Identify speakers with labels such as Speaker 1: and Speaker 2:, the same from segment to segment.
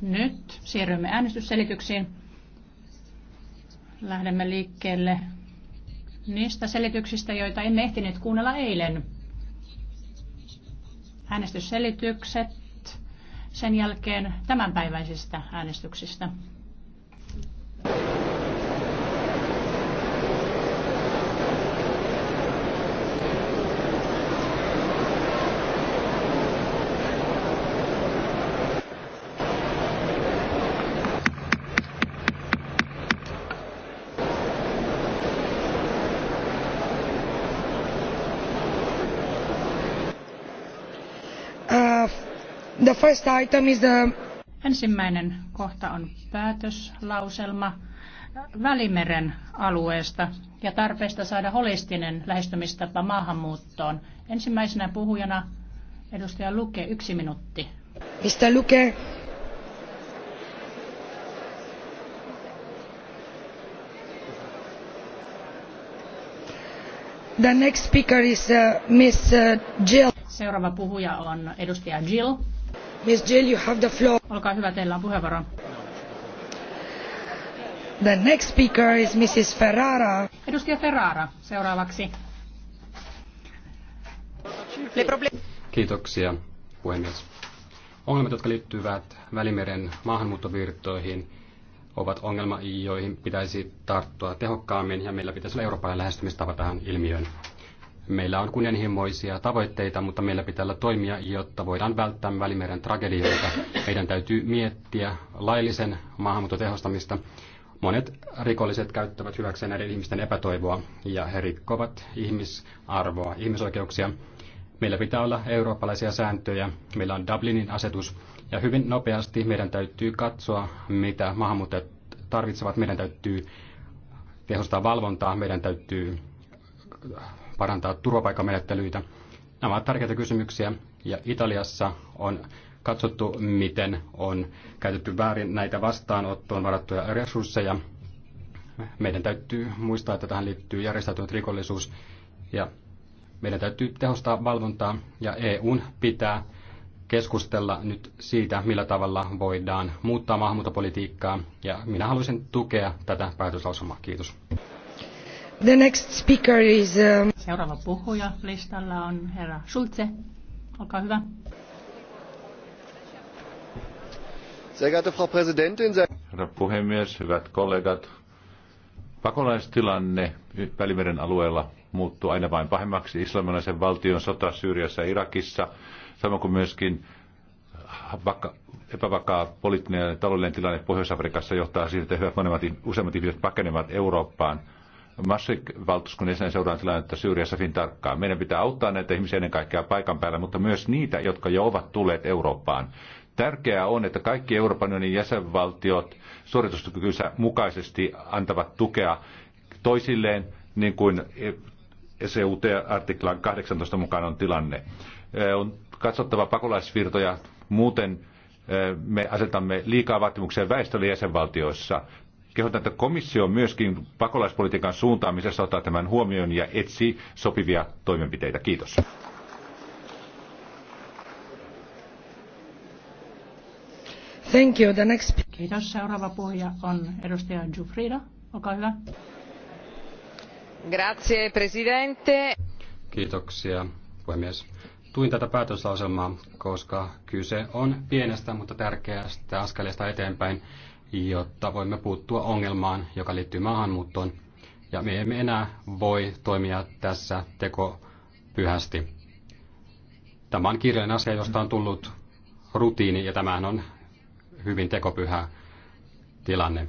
Speaker 1: Nyt siirrymme äänestysselityksiin. Lähdemme liikkeelle niistä selityksistä, joita emme ehtineet kuunnella eilen. Äänestysselitykset sen jälkeen tämänpäiväisistä äänestyksistä.
Speaker 2: First item is the...
Speaker 1: Ensimmäinen kohta on päätöslauselma Välimeren alueesta ja tarpeesta saada holistinen lähestymistapa maahanmuuttoon. Ensimmäisenä puhujana edustaja Luke, yksi minuutti.
Speaker 2: Mr. Luke,
Speaker 1: The next speaker is, uh, Miss uh, Jill. Seuraava puhuja on edustaja Jill. Olkaa hyvä, teillä on puheenvuoro.
Speaker 2: The next speaker is
Speaker 1: Mrs. Ferrara. Edustaja Ferrara, seuraavaksi.
Speaker 2: Kiitoksia, puhemies. Ongelmat, jotka liittyvät Välimeren maahanmuuttovirtoihin, ovat ongelma, joihin pitäisi tarttua tehokkaammin, ja meillä pitäisi olla Euroopan lähestymistapa tähän ilmiöön. Meillä on kunnianhimoisia tavoitteita, mutta meillä pitää olla toimia, jotta voidaan välttää Välimeren tragedioita. Meidän täytyy miettiä laillisen maahanmuuton tehostamista. Monet rikolliset käyttävät hyväkseen näiden ihmisten epätoivoa ja he rikkovat ihmisarvoa, ihmisoikeuksia. Meillä pitää olla eurooppalaisia sääntöjä, meillä on Dublinin asetus ja hyvin nopeasti meidän täytyy katsoa, mitä maahanmuuttajat tarvitsevat. Meidän täytyy tehostaa valvontaa, meidän täytyy parantaa turvapaikkamenettelyitä. Nämä ovat tärkeitä kysymyksiä ja Italiassa on katsottu, miten on käytetty väärin näitä vastaanottoon varattuja resursseja. Meidän täytyy muistaa, että tähän liittyy järjestäytynyt rikollisuus ja meidän täytyy tehostaa valvontaa ja EUn pitää keskustella nyt siitä, millä tavalla voidaan muuttaa maahanmuuttopolitiikkaa ja minä haluaisin tukea tätä päätöslausumaa. Kiitos.
Speaker 1: The next speaker is, um... Seuraava puhuja listalla on herra Schulze. Olkaa hyvä.
Speaker 3: Sehr geehrte Frau Präsidentin, Herra puhemies, hyvät kollegat. Pakolaistilanne Välimeren alueella muuttuu aina vain pahemmaksi. Islamilaisen valtion sota Syyriassa ja Irakissa, samoin kuin myöskin vaka- epävakaa poliittinen ja taloudellinen tilanne Pohjois-Afrikassa johtaa siihen, että hyvät useimmat ihmiset pakenevat Eurooppaan – Masik valtuuskunnan jäsenen seuraan tilannetta Syyriassa hyvin tarkkaan. Meidän pitää auttaa näitä ihmisiä ennen kaikkea paikan päällä, mutta myös niitä, jotka jo ovat tulleet Eurooppaan. Tärkeää on, että kaikki Euroopan unionin jäsenvaltiot suorituskykynsä mukaisesti antavat tukea toisilleen, niin kuin SEUT-artiklan 18 mukaan on tilanne. On katsottava pakolaisvirtoja, muuten me asetamme liikaa vaatimuksia väestölle jäsenvaltioissa kehotan, että komissio myöskin pakolaispolitiikan suuntaamisessa ottaa tämän huomioon ja etsii sopivia toimenpiteitä. Kiitos. Thank you.
Speaker 1: The next... Kiitos. Seuraava puhuja on edustaja Giuffrida. Olkaa hyvä.
Speaker 3: Grazie, presidente.
Speaker 2: Kiitoksia, puhemies. Tuin tätä päätöslauselmaa, koska kyse on pienestä, mutta tärkeästä askeleesta eteenpäin jotta voimme puuttua ongelmaan, joka liittyy maahanmuuttoon. Ja me emme enää voi toimia tässä pyhästi. Tämä on kirjallinen asia, josta on tullut rutiini, ja tämähän on hyvin tekopyhä tilanne.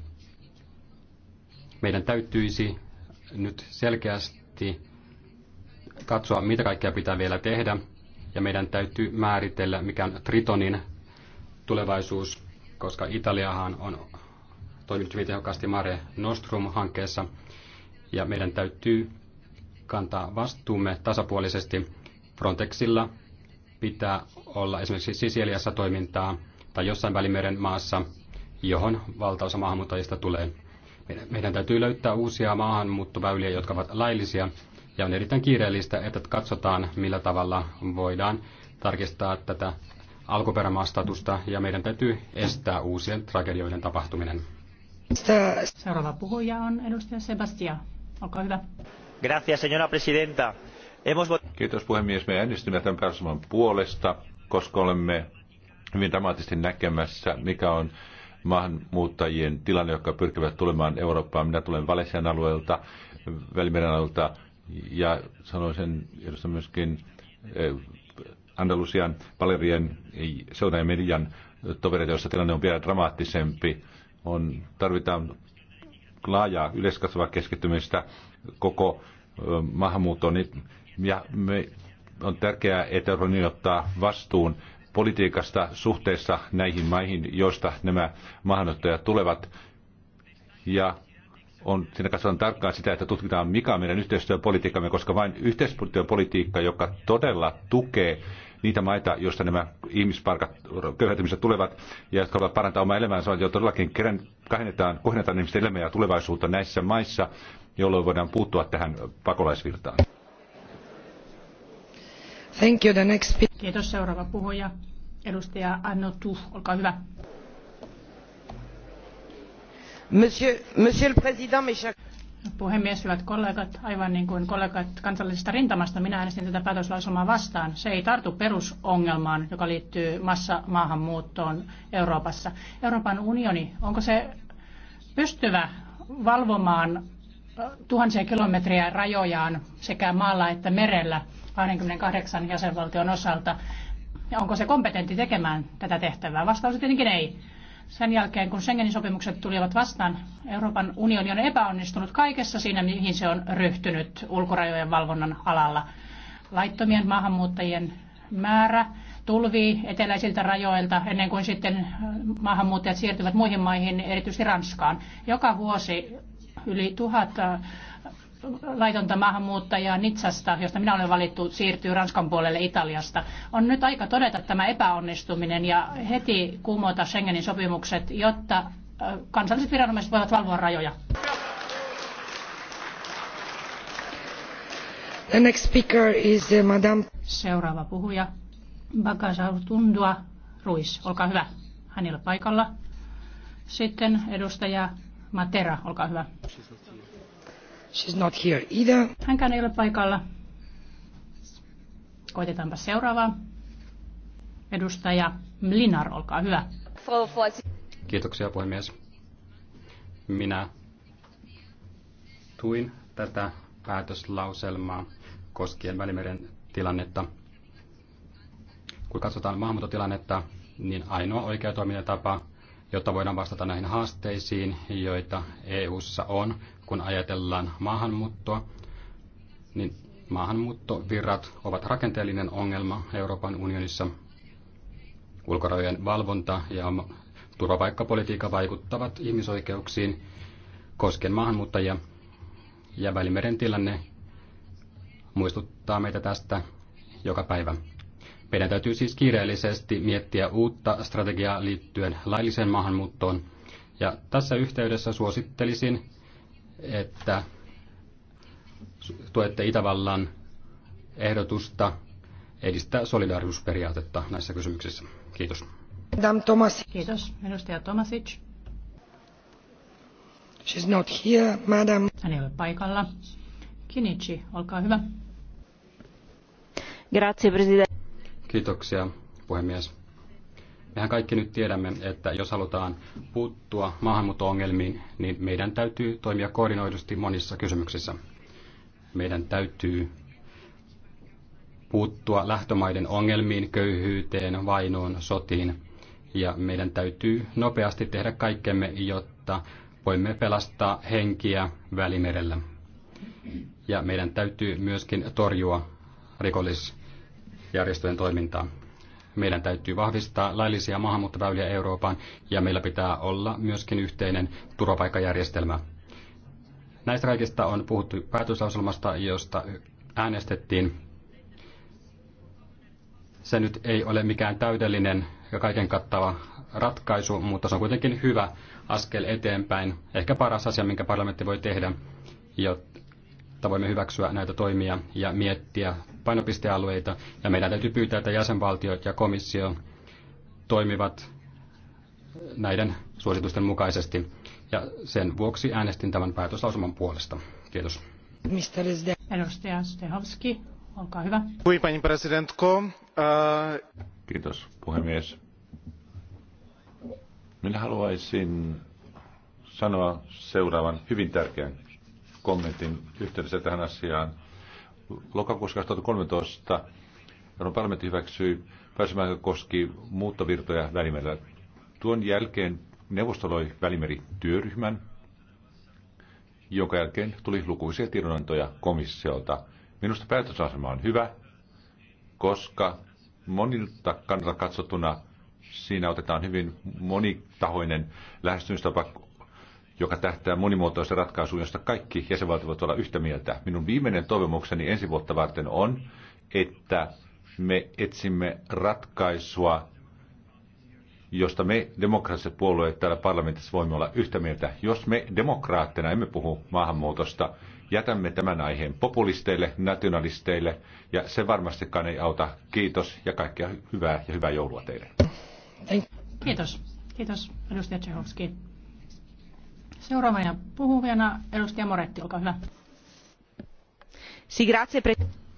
Speaker 2: Meidän täytyisi nyt selkeästi katsoa, mitä kaikkea pitää vielä tehdä, ja meidän täytyy määritellä, mikä on Tritonin tulevaisuus, koska Italiahan on toiminut hyvin tehokkaasti Mare Nostrum-hankkeessa. Ja meidän täytyy kantaa vastuumme tasapuolisesti. Frontexilla pitää olla esimerkiksi Sisiliassa toimintaa tai jossain Välimeren maassa, johon valtaosa maahanmuuttajista tulee. Meidän täytyy löytää uusia maahanmuuttoväyliä, jotka ovat laillisia, ja on erittäin kiireellistä, että katsotaan, millä tavalla voidaan tarkistaa tätä alkuperämaastatusta, ja meidän täytyy estää uusien tragedioiden tapahtuminen
Speaker 1: arvoisa puhuja hyvä.
Speaker 2: presidenta. Kiitos puhemies.
Speaker 3: Me äänestimme tämän päätösman puolesta, koska olemme hyvin dramaattisesti näkemässä, mikä on maahanmuuttajien tilanne, jotka pyrkivät tulemaan Eurooppaan. Minä tulen Valesian alueelta, Välimeren alueelta ja sanoisin edustan myöskin eh, Andalusian, Valerien, Seudan ja Median tovereita, joissa tilanne on vielä dramaattisempi on, tarvitaan laajaa yleiskasvavaa keskittymistä koko maahanmuuttoon. Niin, ja me, on tärkeää, että Euroopan niin ottaa vastuun politiikasta suhteessa näihin maihin, joista nämä maahanmuuttajat tulevat. Ja on, siinä katsotaan tarkkaan sitä, että tutkitaan, mikä on meidän yhteistyöpolitiikkamme, koska vain yhteistyöpolitiikka, joka todella tukee niitä maita, joista nämä ihmisparkat, köyhät ihmiset tulevat ja jotka haluavat parantaa omaa elämäänsä, joilla todellakin kohennetaan, kohdennetaan ihmisten elämää ja tulevaisuutta näissä maissa, jolloin voidaan puuttua tähän pakolaisvirtaan.
Speaker 1: Thank you, the next... Kiitos. Seuraava puhuja, edustaja Anno Tuh, olkaa hyvä.
Speaker 3: Monsieur,
Speaker 2: monsieur
Speaker 1: le Président, mes chers puhemies, hyvät kollegat, aivan niin kuin kollegat kansallisesta rintamasta, minä äänestin tätä päätöslausumaa vastaan. Se ei tartu perusongelmaan, joka liittyy massamaahanmuuttoon Euroopassa. Euroopan unioni, onko se pystyvä valvomaan äh, tuhansia kilometriä rajojaan sekä maalla että merellä 28 jäsenvaltion osalta? Ja onko se kompetentti tekemään tätä tehtävää? Vastaus tietenkin ei sen jälkeen, kun Schengenin sopimukset tulivat vastaan, Euroopan unioni on epäonnistunut kaikessa siinä, mihin se on ryhtynyt ulkorajojen valvonnan alalla. Laittomien maahanmuuttajien määrä tulvii eteläisiltä rajoilta ennen kuin sitten maahanmuuttajat siirtyvät muihin maihin, erityisesti Ranskaan. Joka vuosi yli tuhat laitonta maahanmuuttajaa Nitsasta, josta minä olen valittu, siirtyy Ranskan puolelle Italiasta. On nyt aika todeta tämä epäonnistuminen ja heti kumota Schengenin sopimukset, jotta kansalliset viranomaiset voivat valvoa rajoja. The next speaker is uh, Madame... Seuraava puhuja, Tundua Ruis. Olkaa hyvä. Hänellä paikalla. Sitten edustaja Matera, olkaa hyvä. She's not here either. Hänkään ei ole paikalla. Koitetaanpa seuraavaa. Edustaja Mlinar, olkaa hyvä.
Speaker 2: Kiitoksia puhemies. Minä tuin tätä päätöslauselmaa koskien Välimeren tilannetta. Kun katsotaan maahanmuuttotilannetta, niin ainoa oikea toimintatapa, jotta voidaan vastata näihin haasteisiin, joita EU:ssa on, kun ajatellaan maahanmuuttoa, niin maahanmuuttovirrat ovat rakenteellinen ongelma Euroopan unionissa. Ulkorajojen valvonta ja turvapaikkapolitiikka vaikuttavat ihmisoikeuksiin koskien maahanmuuttajia ja Välimeren tilanne muistuttaa meitä tästä joka päivä. Meidän täytyy siis kiireellisesti miettiä uutta strategiaa liittyen lailliseen maahanmuuttoon. Ja tässä yhteydessä suosittelisin että tuette Itävallan ehdotusta edistää solidaarisuusperiaatetta näissä kysymyksissä. Kiitos.
Speaker 1: Madame Thomas. Kiitos. Edustaja Tomasic. She's not here, madam. Hän ei ole paikalla. Kinichi, olkaa hyvä. Grazie, president.
Speaker 2: Kiitoksia, puhemies. Mehän kaikki nyt tiedämme, että jos halutaan puuttua maahanmuuttoongelmiin, niin meidän täytyy toimia koordinoidusti monissa kysymyksissä. Meidän täytyy puuttua lähtömaiden ongelmiin, köyhyyteen, vainoon, sotiin. Ja meidän täytyy nopeasti tehdä kaikkemme, jotta voimme pelastaa henkiä välimerellä. Ja meidän täytyy myöskin torjua rikollisjärjestöjen toimintaa. Meidän täytyy vahvistaa laillisia maahanmuuttoväyliä Euroopan ja meillä pitää olla myöskin yhteinen turvapaikkajärjestelmä. Näistä kaikista on puhuttu päätöslauselmasta, josta äänestettiin. Se nyt ei ole mikään täydellinen ja kaiken kattava ratkaisu, mutta se on kuitenkin hyvä askel eteenpäin. Ehkä paras asia, minkä parlamentti voi tehdä, jotta jotta voimme hyväksyä näitä toimia ja miettiä painopistealueita. Ja meidän täytyy pyytää, että jäsenvaltiot ja komissio toimivat näiden suositusten mukaisesti. Ja sen vuoksi äänestin tämän päätöslausuman puolesta. Kiitos.
Speaker 1: Edustaja Stehovski, olkaa hyvä.
Speaker 2: Uh,
Speaker 3: Kiitos, puhemies. Minä haluaisin sanoa seuraavan hyvin tärkeän kommentin yhteydessä tähän asiaan. Lokakuussa 2013 Euroopan parlamentti hyväksyi pääsemään, koski muuttovirtoja välimerellä. Tuon jälkeen neuvosto loi välimerityöryhmän, joka jälkeen tuli lukuisia tiedonantoja komissiolta. Minusta päätösasema on hyvä, koska monilta kannalta katsottuna siinä otetaan hyvin monitahoinen lähestymistapa joka tähtää monimuotoisen ratkaisuun, josta kaikki jäsenvaltiot voivat olla yhtä mieltä. Minun viimeinen toivomukseni ensi vuotta varten on, että me etsimme ratkaisua, josta me demokraattiset puolueet täällä parlamentissa voimme olla yhtä mieltä. Jos me demokraatteina emme puhu maahanmuutosta, jätämme tämän aiheen populisteille, nationalisteille, ja se varmastikaan ei auta. Kiitos ja kaikkea hyvää ja hyvää joulua teille.
Speaker 1: Kiitos. Kiitos, edustaja Tsehovski. Seuraavana puhuvana edustaja Moretti, olkaa hyvä.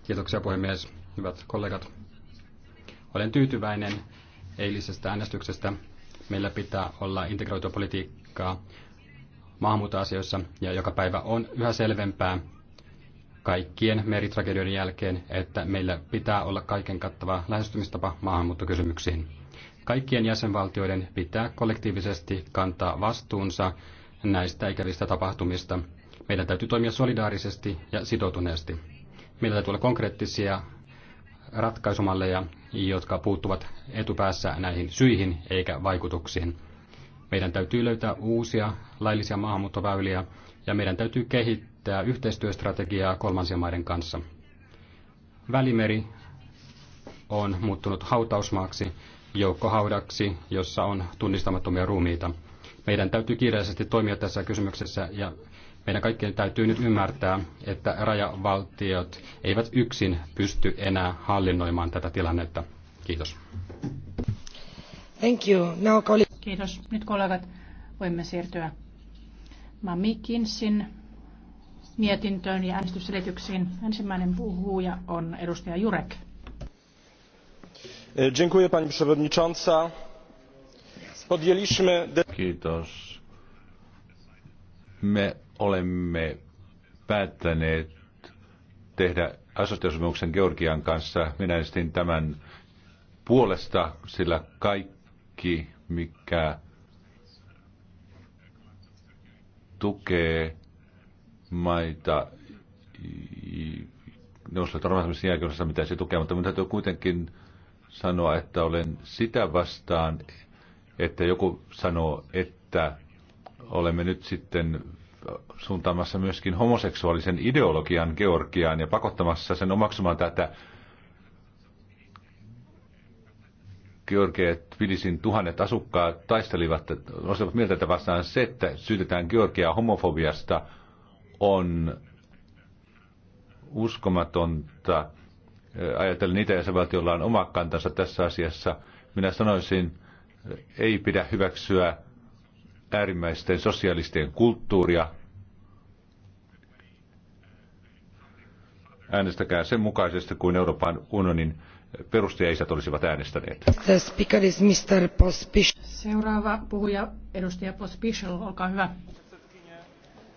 Speaker 2: Kiitoksia puhemies, hyvät kollegat. Olen tyytyväinen eilisestä äänestyksestä. Meillä pitää olla integroitua politiikkaa maahanmuuttoasioissa ja joka päivä on yhä selvempää kaikkien meritragedioiden jälkeen, että meillä pitää olla kaiken kattava lähestymistapa maahanmuuttokysymyksiin. Kaikkien jäsenvaltioiden pitää kollektiivisesti kantaa vastuunsa näistä ikävistä tapahtumista. Meidän täytyy toimia solidaarisesti ja sitoutuneesti. Meillä täytyy olla konkreettisia ratkaisumalleja, jotka puuttuvat etupäässä näihin syihin eikä vaikutuksiin. Meidän täytyy löytää uusia laillisia maahanmuuttoväyliä ja meidän täytyy kehittää yhteistyöstrategiaa kolmansien maiden kanssa. Välimeri on muuttunut hautausmaaksi, joukkohaudaksi, jossa on tunnistamattomia ruumiita – meidän täytyy kiireisesti toimia tässä kysymyksessä ja meidän kaikkien täytyy nyt ymmärtää, että rajavaltiot eivät yksin pysty enää hallinnoimaan tätä tilannetta. Kiitos.
Speaker 1: Thank you. Now, Kiitos. Nyt kollegat, voimme siirtyä Kinsin mietintöön ja äänestysselityksiin. Ensimmäinen puhuja on edustaja Jurek.
Speaker 2: Dziękuję pani przewodnicząca. Podjęliśmy...
Speaker 3: Kiitos. Me olemme päättäneet tehdä asociaatiosopimuksen Georgian kanssa. Minä äänestin tämän puolesta, sillä kaikki, mikä tukee maita neuvostoliiton romahtamisen jälkeen, mitä se tukee, mutta minun täytyy kuitenkin sanoa, että olen sitä vastaan, että joku sanoo, että olemme nyt sitten suuntaamassa myöskin homoseksuaalisen ideologian Georgiaan ja pakottamassa sen omaksumaan tätä Georgia Tbilisin tuhannet asukkaat taistelivat, olivat mieltä että vastaan se, että syytetään Georgiaa homofobiasta, on uskomatonta. Ajatellen niitä jäsenvaltioilla on oma kantansa tässä asiassa. Minä sanoisin, ei pidä hyväksyä äärimmäisten sosialistien kulttuuria. Äänestäkää sen mukaisesti kuin Euroopan unionin perustajaisät olisivat äänestäneet.
Speaker 2: The speaker is Mr. Seuraava
Speaker 1: puhuja, edustaja Pospisil, olkaa hyvä.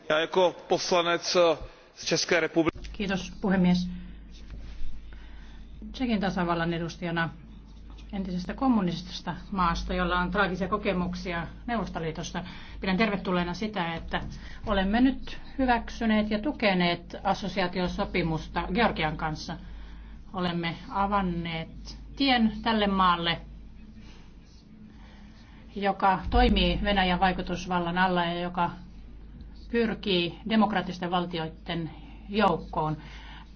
Speaker 3: Ja jako poslanec eh,
Speaker 1: Kiitos puhemies. Tsekin tasavallan edustajana entisestä kommunistisesta maasta, jolla on traagisia kokemuksia Neuvostoliitosta. Pidän tervetulleena sitä, että olemme nyt hyväksyneet ja tukeneet assosiaatiosopimusta Georgian kanssa. Olemme avanneet tien tälle maalle, joka toimii Venäjän vaikutusvallan alla ja joka pyrkii demokraattisten valtioiden joukkoon.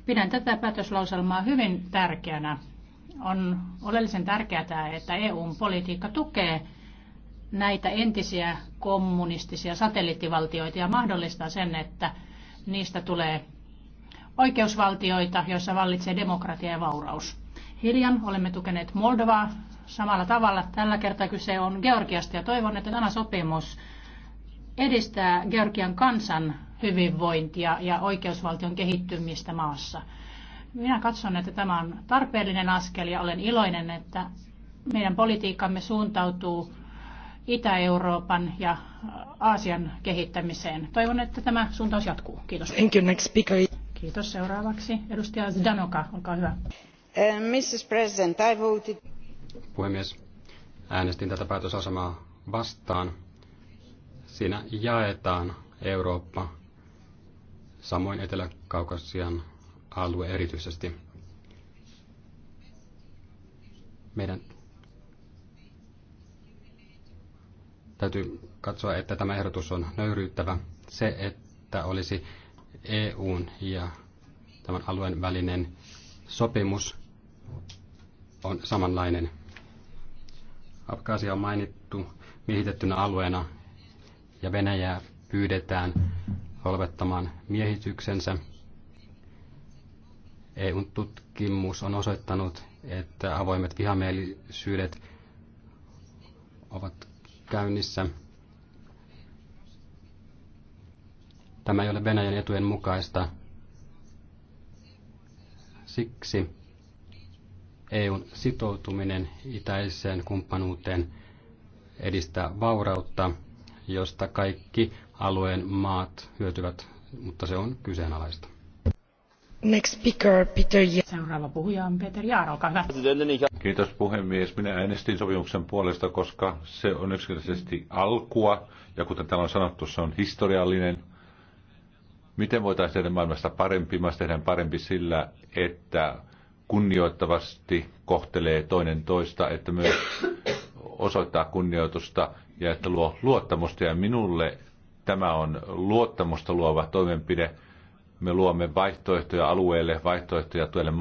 Speaker 1: Pidän tätä päätöslauselmaa hyvin tärkeänä on oleellisen tärkeää, että EUn politiikka tukee näitä entisiä kommunistisia satelliittivaltioita ja mahdollistaa sen, että niistä tulee oikeusvaltioita, joissa vallitsee demokratia ja vauraus. Hiljan olemme tukeneet Moldovaa samalla tavalla. Tällä kertaa kyse on Georgiasta ja toivon, että tämä sopimus edistää Georgian kansan hyvinvointia ja oikeusvaltion kehittymistä maassa. Minä katson, että tämä on tarpeellinen askel ja olen iloinen, että meidän politiikkamme suuntautuu Itä-Euroopan ja Aasian kehittämiseen. Toivon, että tämä suuntaus jatkuu. Kiitos. Thank you, next speaker. Kiitos. Seuraavaksi edustaja Zdanoka, olkaa hyvä. Uh, eh, Mrs. President, I voted...
Speaker 2: Puhemies, äänestin tätä päätösasemaa vastaan. Siinä jaetaan Eurooppa samoin Etelä-Kaukasian alue erityisesti. Meidän täytyy katsoa, että tämä ehdotus on nöyryyttävä. Se, että olisi EUn ja tämän alueen välinen sopimus on samanlainen. Abkaasia on mainittu miehitettynä alueena ja Venäjää pyydetään holvettamaan miehityksensä eu tutkimus on osoittanut, että avoimet vihamielisyydet ovat käynnissä. Tämä ei ole Venäjän etujen mukaista. Siksi EUn sitoutuminen itäiseen kumppanuuteen edistää vaurautta, josta kaikki alueen maat hyötyvät, mutta se on kyseenalaista
Speaker 1: arvoisa Seuraava on
Speaker 3: Peter puhemies. Minä äänestin sopimuksen puolesta, koska se on yksinkertaisesti alkua, ja kuten täällä on sanottu, se on historiallinen. Miten voitaisiin tehdä maailmasta parempi? Maailmasta tehdään parempi sillä, että kunnioittavasti kohtelee toinen toista, että myös osoittaa kunnioitusta ja että luo luottamusta. Ja minulle tämä on luottamusta luova toimenpide – me luomme vaihtoehtoja alueelle, vaihtoehtoja tuelle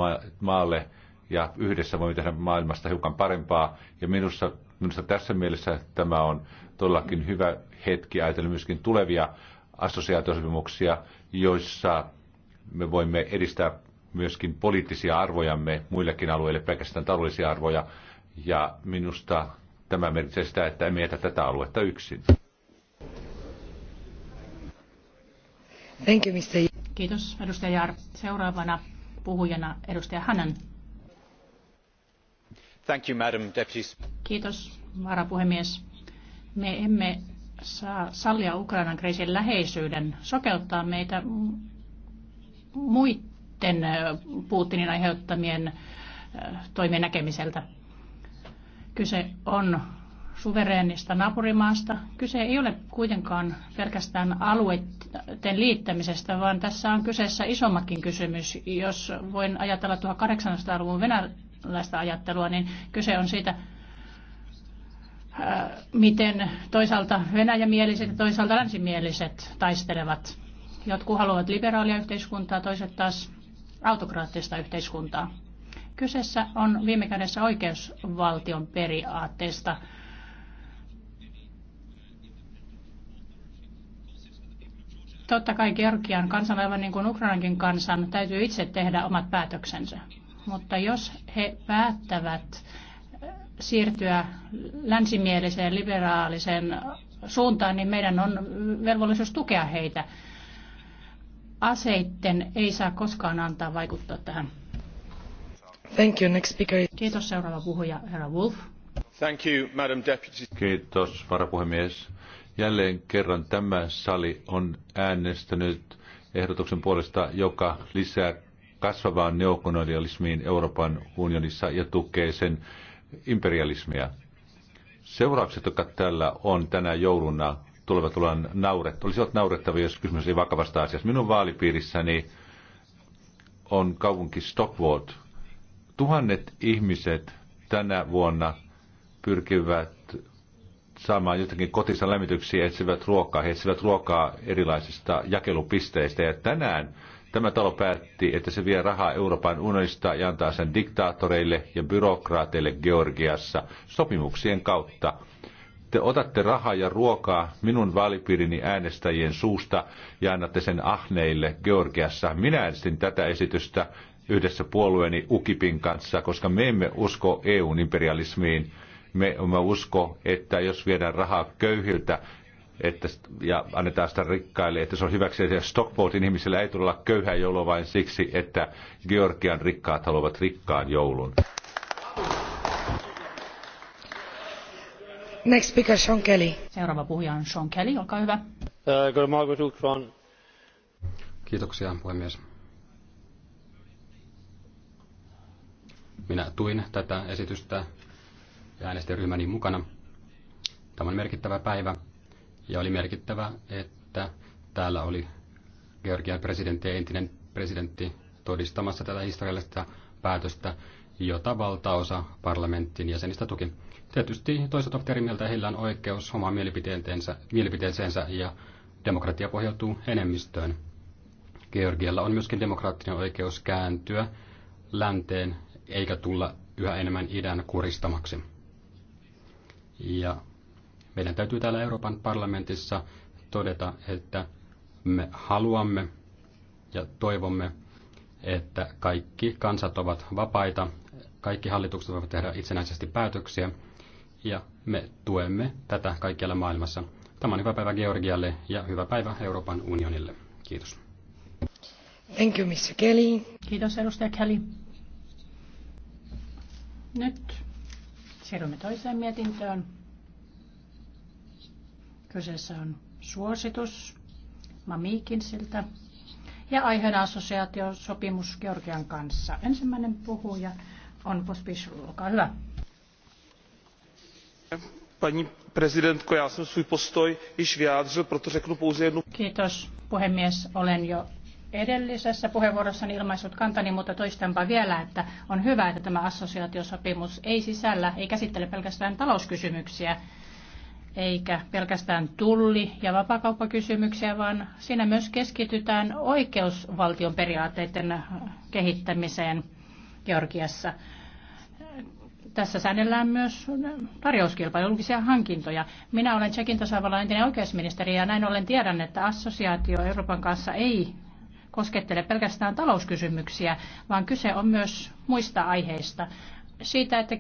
Speaker 3: maalle ja yhdessä voimme tehdä maailmasta hiukan parempaa. Ja minusta, minusta tässä mielessä tämä on todellakin hyvä hetki ajatella myöskin tulevia assosiaatiosopimuksia, joissa me voimme edistää myöskin poliittisia arvojamme muillekin alueille, pelkästään taloudellisia arvoja. Ja minusta tämä merkitsee sitä, että emme jätä tätä aluetta yksin. Thank you, Mr.
Speaker 1: Kiitos, edustaja Jaar. Seuraavana puhujana edustaja Hannan. Thank you, Madam Kiitos, varapuhemies. Me emme saa sallia Ukrainan kriisin läheisyyden sokeuttaa meitä muiden Putinin aiheuttamien toimien näkemiseltä. Kyse on suvereenista naapurimaasta. Kyse ei ole kuitenkaan pelkästään alueiden liittämisestä, vaan tässä on kyseessä isommakin kysymys. Jos voin ajatella 1800-luvun venäläistä ajattelua, niin kyse on siitä, äh, miten toisaalta venäjämieliset ja toisaalta länsimieliset taistelevat. Jotkut haluavat liberaalia yhteiskuntaa, toiset taas autokraattista yhteiskuntaa. Kyseessä on viime kädessä oikeusvaltion periaatteesta Totta kai Georgian kansan, aivan niin kuin Ukrainankin kansan, täytyy itse tehdä omat päätöksensä. Mutta jos he päättävät eh, siirtyä länsimieliseen liberaaliseen suuntaan, niin meidän on velvollisuus tukea heitä. Aseitten ei saa koskaan antaa vaikuttaa tähän.
Speaker 3: Thank you, next speaker.
Speaker 1: Kiitos seuraava puhuja, herra Wolf.
Speaker 3: Thank you, Madam Deputy. Kiitos, varapuhemies. Jälleen kerran tämä sali on äänestänyt ehdotuksen puolesta, joka lisää kasvavaan neokolonialismiin Euroopan unionissa ja tukee sen imperialismia. Seuraukset, jotka tällä on tänä jouluna, tulevat olla nauret, olisivat naurettavia, jos kysymys ei vakavasta asiasta. Minun vaalipiirissäni on kaupunki Stockwood. Tuhannet ihmiset tänä vuonna pyrkivät saamaan jotenkin kotinsa lämmityksiä, etsivät ruokaa, he etsivät ruokaa erilaisista jakelupisteistä. Ja tänään tämä talo päätti, että se vie rahaa Euroopan unionista ja antaa sen diktaattoreille ja byrokraateille Georgiassa sopimuksien kautta. Te otatte rahaa ja ruokaa minun vaalipiirini äänestäjien suusta ja annatte sen ahneille Georgiassa. Minä äänestin tätä esitystä yhdessä puolueeni Ukipin kanssa, koska me emme usko EU imperialismiin me emme usko, että jos viedään rahaa köyhiltä, että, ja annetaan sitä rikkaille, että se on hyväksi. että Stockportin ihmisillä ei tule olla köyhä joulua vain siksi, että Georgian rikkaat haluavat rikkaan joulun.
Speaker 1: Next speaker, Sean Kelly. Seuraava puhuja on Sean Kelly, olkaa hyvä.
Speaker 2: Uh, Kiitoksia, puhemies. Minä tuin tätä esitystä ja äänestin ryhmäni mukana. Tämä on merkittävä päivä ja oli merkittävä, että täällä oli Georgian presidentti ja entinen presidentti todistamassa tätä historiallista päätöstä, jota valtaosa parlamentin jäsenistä tuki. Tietysti toiset ovat eri mieltä, heillä on oikeus omaan mielipiteeseensä, mielipiteeseensä ja demokratia pohjautuu enemmistöön. Georgialla on myöskin demokraattinen oikeus kääntyä länteen eikä tulla yhä enemmän idän kuristamaksi. Ja meidän täytyy täällä Euroopan parlamentissa todeta, että me haluamme ja toivomme, että kaikki kansat ovat vapaita, kaikki hallitukset voivat tehdä itsenäisesti päätöksiä ja me tuemme tätä kaikkialla maailmassa. Tämä on hyvä päivä Georgialle ja hyvä päivä Euroopan unionille. Kiitos.
Speaker 1: Thank you, Mr. Kelly. Kiitos, edustaja Kelly. Nyt Siirrymme toiseen mietintöön. Kyseessä on suositus Mamikinsiltä ja aiheena assosiaatiosopimus Georgian kanssa. Ensimmäinen puhuja on Pospisil, olkaa hyvä.
Speaker 3: Pani prezidentko, já jsem svůj postoj již proto řeknu pouze jednu...
Speaker 1: Kiitos puhemies, olen jo edellisessä puheenvuorossani ilmaissut kantani, mutta toistanpa vielä, että on hyvä, että tämä assosiaatiosopimus ei sisällä, ei käsittele pelkästään talouskysymyksiä, eikä pelkästään tulli- ja vapakauppakysymyksiä, vaan siinä myös keskitytään oikeusvaltion periaatteiden kehittämiseen Georgiassa. Tässä säännellään myös tarjouskilpailu julkisia hankintoja. Minä olen Tsekin tasavallan entinen oikeusministeri ja näin ollen tiedän, että assosiaatio Euroopan kanssa ei koskettele pelkästään talouskysymyksiä, vaan kyse on myös muista aiheista. Siitä, että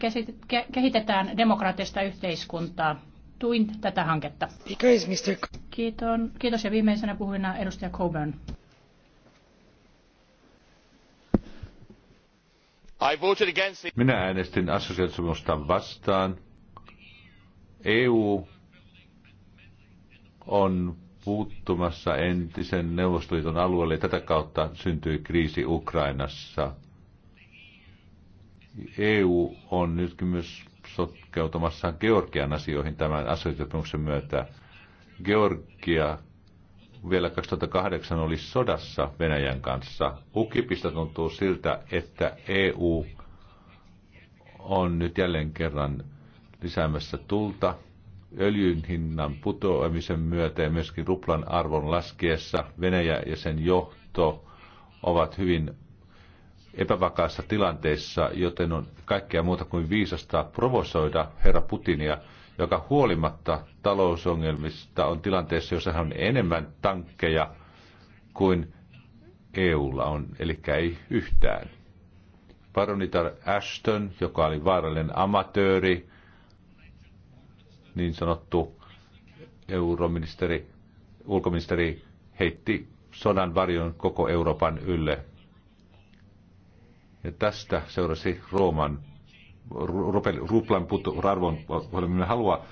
Speaker 1: kehitetään demokraattista yhteiskuntaa. Tuin tätä hanketta. Kiitos, kiitos ja viimeisenä puhujana edustaja Coburn.
Speaker 3: Minä äänestin assosiaatiosopimusta vastaan. EU on puuttumassa entisen Neuvostoliiton alueelle ja tätä kautta syntyi kriisi Ukrainassa. EU on nytkin myös sotkeutumassa Georgian asioihin tämän asioitopimuksen myötä. Georgia vielä 2008 oli sodassa Venäjän kanssa. Ukipista tuntuu siltä, että EU on nyt jälleen kerran lisäämässä tulta öljyn hinnan putoamisen myötä ja myöskin ruplan arvon laskiessa Venäjä ja sen johto ovat hyvin epävakaassa tilanteessa, joten on kaikkea muuta kuin viisasta provosoida herra Putinia, joka huolimatta talousongelmista on tilanteessa, jossa hän on enemmän tankkeja kuin EUlla on, eli ei yhtään. Paronitar Ashton, joka oli vaarallinen amatööri, niin sanottu euroministeri, ulkoministeri heitti sodan varjon koko Euroopan ylle. Ja tästä seurasi Rooman ruplan arvon, me halua,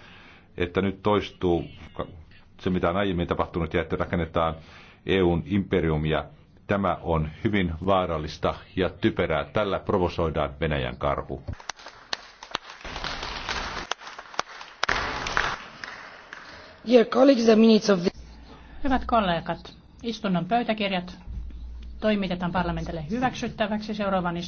Speaker 3: että nyt toistuu se, mitä on aiemmin tapahtunut, ja että rakennetaan EUn imperiumia. Tämä on hyvin vaarallista ja typerää. Tällä provosoidaan Venäjän karhu.
Speaker 1: Hyvät kollegat, istunnon pöytäkirjat toimitetaan parlamentille hyväksyttäväksi seuraavan istunnon